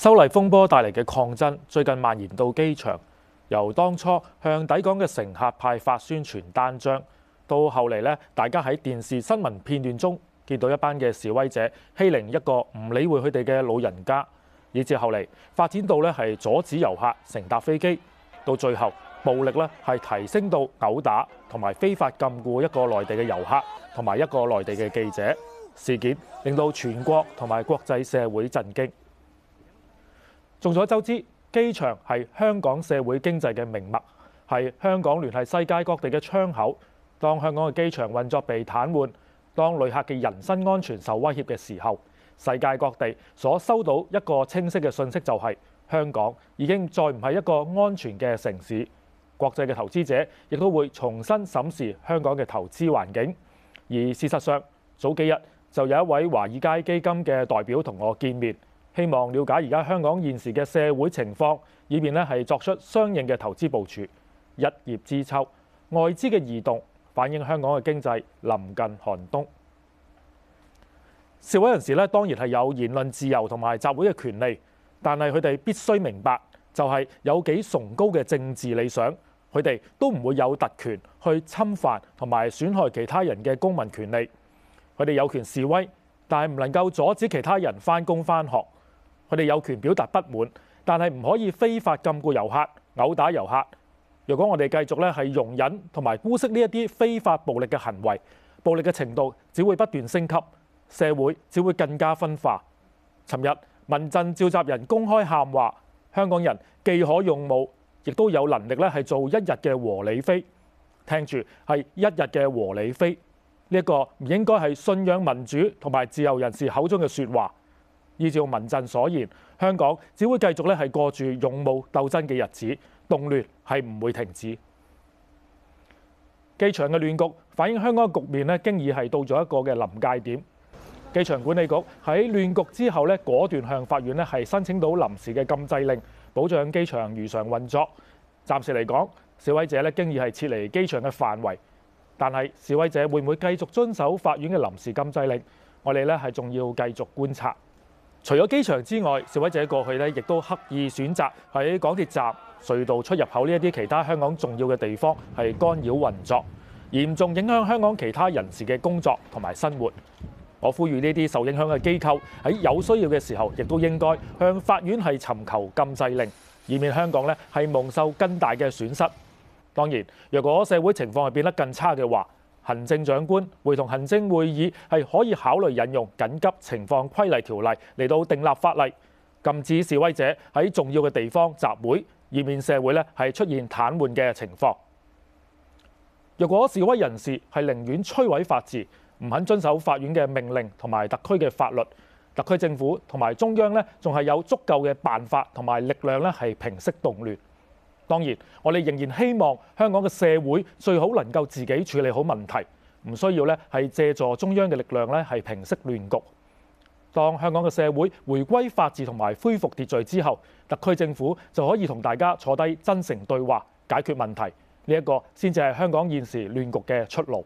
修例風波帶嚟嘅抗爭，最近蔓延到機場。由當初向抵港嘅乘客派發宣傳單張，到後嚟咧，大家喺電視新聞片段中見到一班嘅示威者欺凌一個唔理會佢哋嘅老人家，以至後嚟發展到咧係阻止遊客乘搭飛機，到最後暴力咧係提升到毆打同埋非法禁錮一個內地嘅遊客同埋一個內地嘅記者事件，令到全國同埋國際社會震驚。眾所周知，機場係香港社會經濟嘅命脈，係香港聯繫世界各地嘅窗口。當香港嘅機場運作被癱瘓，當旅客嘅人身安全受威脅嘅時候，世界各地所收到一個清晰嘅訊息就係：香港已經再唔係一個安全嘅城市。國際嘅投資者亦都會重新審視香港嘅投資環境。而事實上，早幾日就有一位華爾街基金嘅代表同我見面。希望了解而家香港現時嘅社會情況，以便咧係作出相應嘅投資部署。一葉知秋，外資嘅移動反映香港嘅經濟臨近寒冬。示威人士咧當然係有言論自由同埋集會嘅權利，但係佢哋必須明白，就係有幾崇高嘅政治理想，佢哋都唔會有特權去侵犯同埋損害其他人嘅公民權利。佢哋有權示威，但係唔能夠阻止其他人翻工翻學。佢哋有權表達不滿，但係唔可以非法禁錮遊客、毆打遊客。如果我哋繼續咧係容忍同埋姑息呢一啲非法暴力嘅行為，暴力嘅程度只會不斷升級，社會只會更加分化。尋日民陣召集人公開喊話：香港人既可用武，亦都有能力咧係做一日嘅和理非。聽住係一日嘅和理非，呢一個唔應該係信仰民主同埋自由人士口中嘅説話。依照民陣所言，香港只會繼續咧係過住勇武鬥爭嘅日子，動亂係唔會停止。機場嘅亂局反映香港嘅局面咧，經已係到咗一個嘅臨界點。機場管理局喺亂局之後咧，果斷向法院咧係申請到臨時嘅禁制令，保障機場如常運作。暫時嚟講，示威者咧經已係撤離機場嘅範圍，但係示威者會唔會繼續遵守法院嘅臨時禁制令？我哋咧係仲要繼續觀察。除咗機場之外，示威者過去呢，亦都刻意選擇喺港鐵站、隧道出入口呢一啲其他香港重要嘅地方，係干擾運作，嚴重影響香港其他人士嘅工作同埋生活。我呼籲呢啲受影響嘅機構喺有需要嘅時候，亦都應該向法院係尋求禁制令，以免香港呢係蒙受更大嘅損失。當然，若果社會情況係變得更差嘅話，行政長官會同行政會議係可以考慮引用緊急情況規例條例嚟到訂立法例，禁止示威者喺重要嘅地方集會，以免社會呢係出現癱瘓嘅情況。若果示威人士係寧願摧毀法治，唔肯遵守法院嘅命令同埋特區嘅法律，特區政府同埋中央呢仲係有足夠嘅辦法同埋力量呢係平息動亂。當然，我哋仍然希望香港嘅社會最好能夠自己處理好問題，唔需要咧係藉助中央嘅力量咧係平息亂局。當香港嘅社會回歸法治同埋恢復秩序之後，特區政府就可以同大家坐低真誠對話，解決問題。呢、這、一個先至係香港現時亂局嘅出路。